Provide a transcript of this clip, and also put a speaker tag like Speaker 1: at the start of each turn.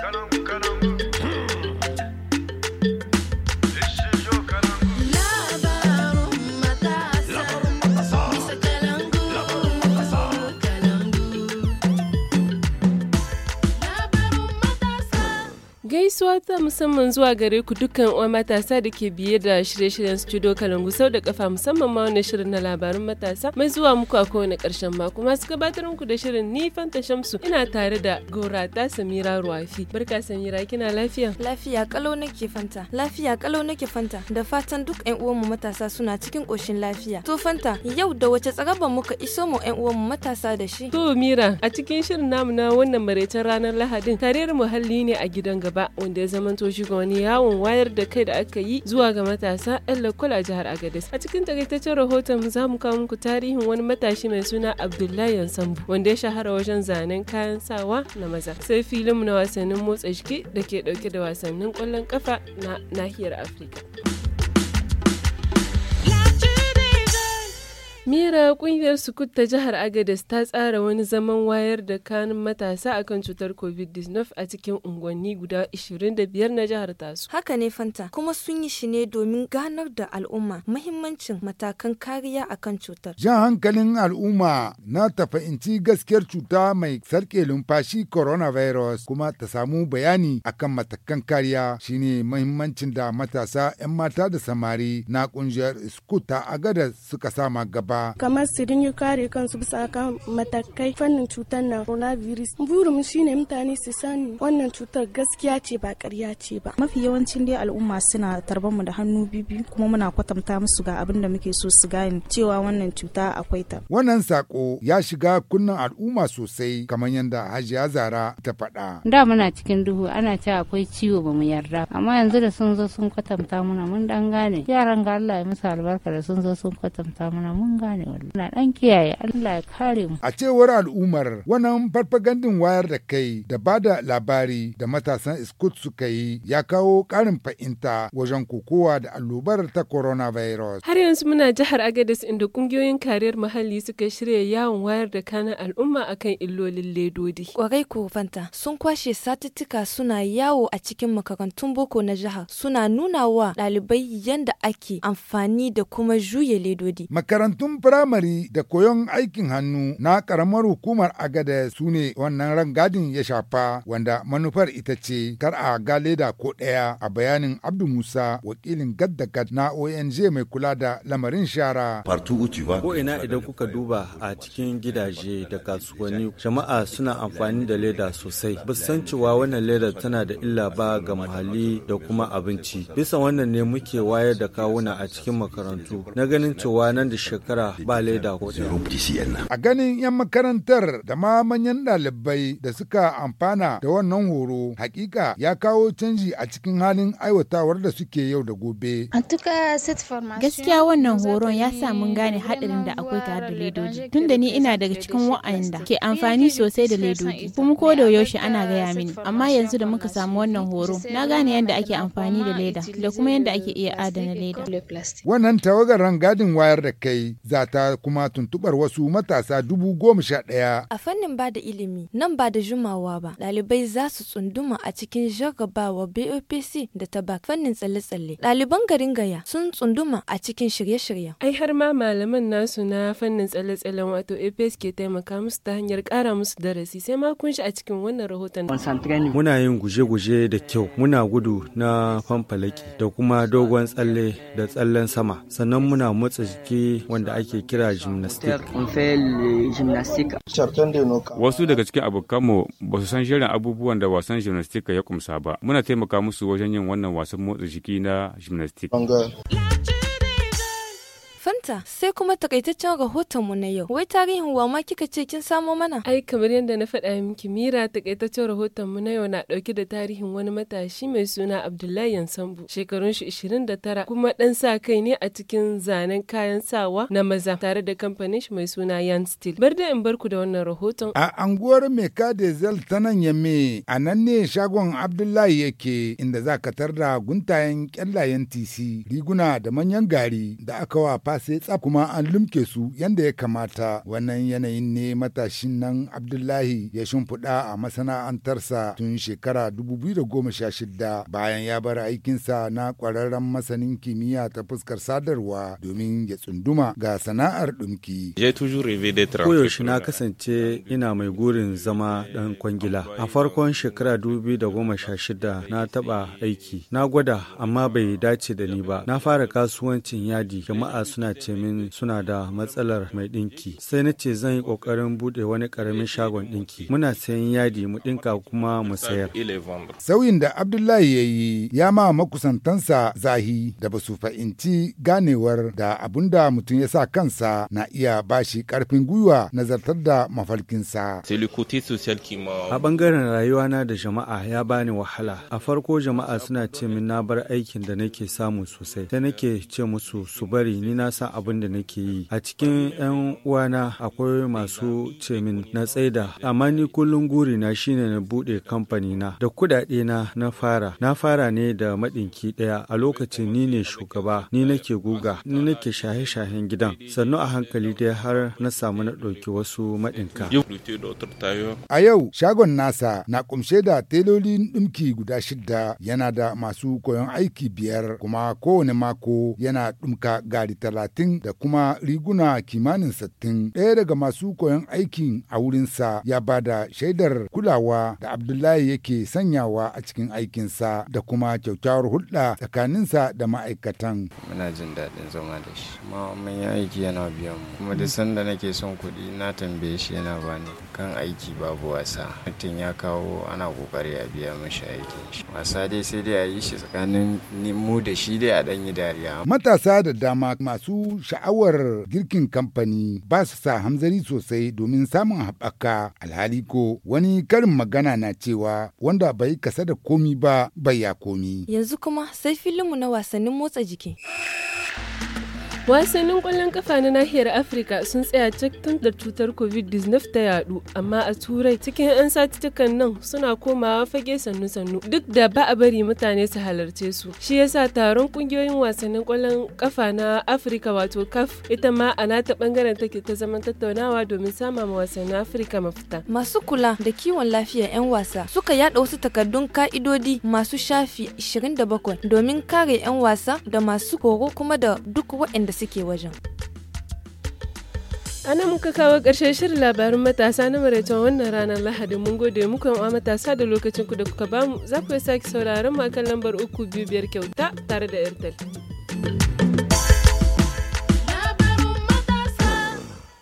Speaker 1: caramba, caramba. Gaisuwa ta musamman zuwa gare ku dukkan uwa matasa da ke biye da shirye-shiryen studio Kalangu sau da kafa musamman ma wani shirin na labarun matasa mai zuwa muku a kowane karshen mako masu gabatar muku da shirin ni Fanta Shamsu ina tare da Gorata Samira Ruwafi. Barka Samira kina lafiya? Lafiya
Speaker 2: kalau nake Fanta. Lafiya kalau nake Fanta. Da fatan duk ƴan uwanmu matasa suna cikin ƙoshin lafiya. To Fanta yau da wace tsarabar muka iso mu ƴan uwanmu matasa da shi?
Speaker 1: To Mira a cikin shirin namu na wannan maraicen ranar Lahadin tarihin muhalli ne a gidan gaba ba wanda ya zamanto shiga wani yawon wayar da kai da aka yi zuwa ga matasa 'yan lakwal a jihar Agadez. A cikin takaitaccen rahoton za mu kawo muku tarihin wani matashi mai suna Abdullahi Yansambu wanda ya shahara wajen zanen kayan sawa na maza. Sai filin na wasannin motsa jiki da ke dauke da wasannin kwallon kafa na nahiyar Afirka. Mira kungiyar Sukut ta jihar Agadez ta tsara wani zaman wayar da kanun matasa akan cutar COVID-19 a cikin unguwanni guda 25 na jihar
Speaker 2: tasu. Haka ne Fanta, kuma sun yi shi ne domin ganar da al'umma mahimmancin matakan kariya akan cutar. Jan
Speaker 3: hankalin al'umma na tafahimci gaskiyar cuta mai sarke lumfashi coronavirus kuma ta samu bayani akan matakan kariya shine mahimmancin da matasa 'yan mata da samari na kungiyar Sukut ta Agadez suka sama gaba. ba
Speaker 1: kamar su dinga kare kansu bisa kan matakai fannin cutar na coronavirus burin shine mutane su sani wannan cutar gaskiya ce ba ƙarya ce ba mafi yawancin dai al'umma suna tarban mu da hannu bibi kuma muna kwatanta musu ga abin da muke so su gane
Speaker 3: cewa wannan cuta akwai ta wannan sako ya shiga kunnan al'umma sosai kamar yadda hajiya zara ta faɗa
Speaker 1: da muna cikin duhu ana cewa akwai ciwo ba mu yarda amma yanzu da sun zo sun kwatanta muna mun dan gane yaran ga Allah ya musu albarka da sun zo sun kwatanta muna mun gane wannan na dan kiyaye Allah ya kare
Speaker 3: mu a cewar al'ummar wannan farfagandin wayar da kai da bada labari da matasan iskut suka yi ya kawo karin fahimta wajen kokowa da allobar ta coronavirus
Speaker 1: har yanzu muna jihar agadez inda kungiyoyin kariyar muhalli suka shirya yawon wayar da kanan al'umma akan illolin ledodi
Speaker 2: kwarai ko fanta sun kwashe satuttuka suna yawo a cikin makarantun boko na jihar suna nuna wa ɗalibai yadda ake amfani da kuma juya ledodi
Speaker 3: makarantun Makarantun firamare da koyon aikin hannu na ƙaramar hukumar agada su ne wannan rangadin ya shafa wanda manufar ita ce kar a ga leda ko ɗaya a bayanin Abdu Musa wakilin gaddagad na ONG mai kula da lamarin shara.
Speaker 4: Ko ina idan kuka duba a cikin gidaje da kasuwanni jama'a suna amfani da leda sosai. Ba san cewa wannan leda tana da illa ba ga muhalli da kuma abinci. Bisa wannan ne muke wayar da kawuna a cikin makarantu. Na ganin cewa nan da shekara shekara ba leda ko
Speaker 3: A ganin 'yan makarantar da ma manyan ɗalibai da suka amfana da wannan horo hakika ya kawo canji a cikin halin aiwatawar da suke yau da gobe.
Speaker 1: Gaskiya wannan horon ya sa mun gane haɗarin da akwai tare da ledoji. Tun da ni ina daga cikin wa'anda ke amfani sosai da ledoji kuma ko da yaushe ana gaya mini. Amma yanzu da muka samu wannan horo na gane yadda ake
Speaker 2: amfani da leda da kuma yadda ake iya adana leda.
Speaker 3: Wannan tawagar rangadin wayar da kai za ta kuma tuntubar wasu matasa dubu goma sha ɗaya.
Speaker 2: A fannin ba da ilimi nan ba da jumawa ba ɗalibai za su tsunduma a cikin jarabawa BOPC da taba fannin tsalle-tsalle. Ɗaliban garin Gaya sun tsunduma a cikin shirye shirye
Speaker 1: Ai har ma malaman nasu na fannin tsalle-tsallen wato APS ke taimaka musu ta hanyar ƙara musu darasi sai ma kun shi a cikin wannan rahoton.
Speaker 4: Muna yin guje-guje da kyau muna gudu na fanfalaki da kuma dogon tsalle da tsallen sama sannan muna motsa jiki wanda ake kira gymnastic. Wasu daga cikin abokanmu ba su san shirin abubuwan da wasan gymnastic ya kumsa ba. Muna taimaka musu wajen yin wannan wasan motsa jiki na gymnastic.
Speaker 2: Fanta sai kuma takaitaccen mu na yau. Wai tarihin wa ma kika ce kin samo mana? Ai kamar yadda na
Speaker 1: faɗa miki Mira takaitaccen mu na yau na ɗauke da tarihin wani matashi mai suna Abdullahi Yansambu. Shekarun shi tara kuma ɗan sa kai ne a cikin zanen kayan sawa na maza tare da kamfanin shi mai suna Yan Steel. Bar da in bar ku da wannan rahoton. A anguwar
Speaker 3: Meka da Zel ta nan Yamme a nan ne shagon Abdullahi yake inda za ka da guntayen kyallayen tisi riguna da manyan gari da aka wa face tsaf kuma an lumke su yadda ya kamata wannan yanayin ne matashin nan Abdullahi ya shimfiɗa a masana'antarsa tun shekara 2016 bayan ya bar aikinsa na ƙwararren masanin kimiyya ta fuskar sadarwa domin ya tsunduma ga sana'ar ɗumki. Koyaushe
Speaker 4: na kasance ina mai gurin zama ɗan kwangila. A farkon shekara 2016 na taɓa aiki. Na gwada amma bai dace da ni ba. Na fara kasuwancin yadi jama'a suna suna ce min suna da matsalar mai dinki. sai na ce zan yi ƙoƙarin buɗe wani karamin shagon dinki. muna sayan yadi mu ɗinka kuma mu sayar.
Speaker 3: Sauyin da Abdullahi ya yi ya ma makusantansa zahi da basu su fahimci ganewar da abun da mutum ya sa kansa na iya bashi karfin gwiwa nazartar da mafalkinsa. A rayuwa na da jama'a ya bani wahala. A farko jama'a suna ce
Speaker 4: min na bar aikin da nake samu sosai. Sai nake ce musu su bari ni na na san abin da nake yi a cikin 'yan uwana akwai masu ce min na tsaida amma ni kullum guri na shine na bude kamfani na da kudade na na fara na fara ne da madinki daya a lokacin ni ne shugaba ni nake guga ni nake shahe-shahen gidan sannu a hankali dai har na samu na ɗauki wasu maɗinka.
Speaker 3: A yau shagon nasa na kumshe da telolin ɗumki guda shidda yana da masu koyon aiki biyar kuma kowane mako yana ɗumka gari tala talatin da kuma riguna kimanin sittin. Ɗaya daga masu koyon aikin a wurinsa ya ba da shaidar kulawa da Abdullahi yake sanyawa a cikin aikinsa da kuma kyaukyawar hulɗa tsakaninsa da ma'aikatan. Muna jin daɗin zama da shi. Ma mun aiki yana biyan mu.
Speaker 4: Kuma da sanda nake son kuɗi na tambaye shi yana bani. kan aiki babu wasa mutum ya kawo ana kokari a biya mashi aikin shi wasa dai sai dai a yi shi tsakanin mu da shi dai a yi dariya
Speaker 3: matasa da dama masu sha'awar girkin kamfani ba su sa hamzari sosai domin samun haɓaka alhali ko wani karin magana na cewa wanda bai kasa da komi ba bai ya komi
Speaker 2: yanzu kuma sai filinmu na wasannin motsa jiki wasannin kwallon kafa
Speaker 1: na nahiyar afirka sun tsaya cik tun da cutar covid-19 ta yadu amma a turai cikin 'yan satitukan nan suna komawa fage sannu-sannu duk da ba a bari mutane su halarce su shi yasa taron kungiyoyin wasannin kwallon kafa na afirka wato caf ita ma a nata bangaren take ta zama tattaunawa domin sama ma wasannin afirka mafita masu kula
Speaker 2: da kiwon lafiya 'yan wasa suka yada wasu takardun ka'idodi masu shafi 27 domin kare 'yan wasa da masu horo kuma da duk waɗanda suke wajen ana muka kawo ƙarshen shirin labarin matasa na maraita wannan ranar
Speaker 1: lahadi mun gode muku yan matasa da lokacin ku da kuka bamu za ku yi sake sauraron makan lambar uku biyu biyar kyauta tare da airtel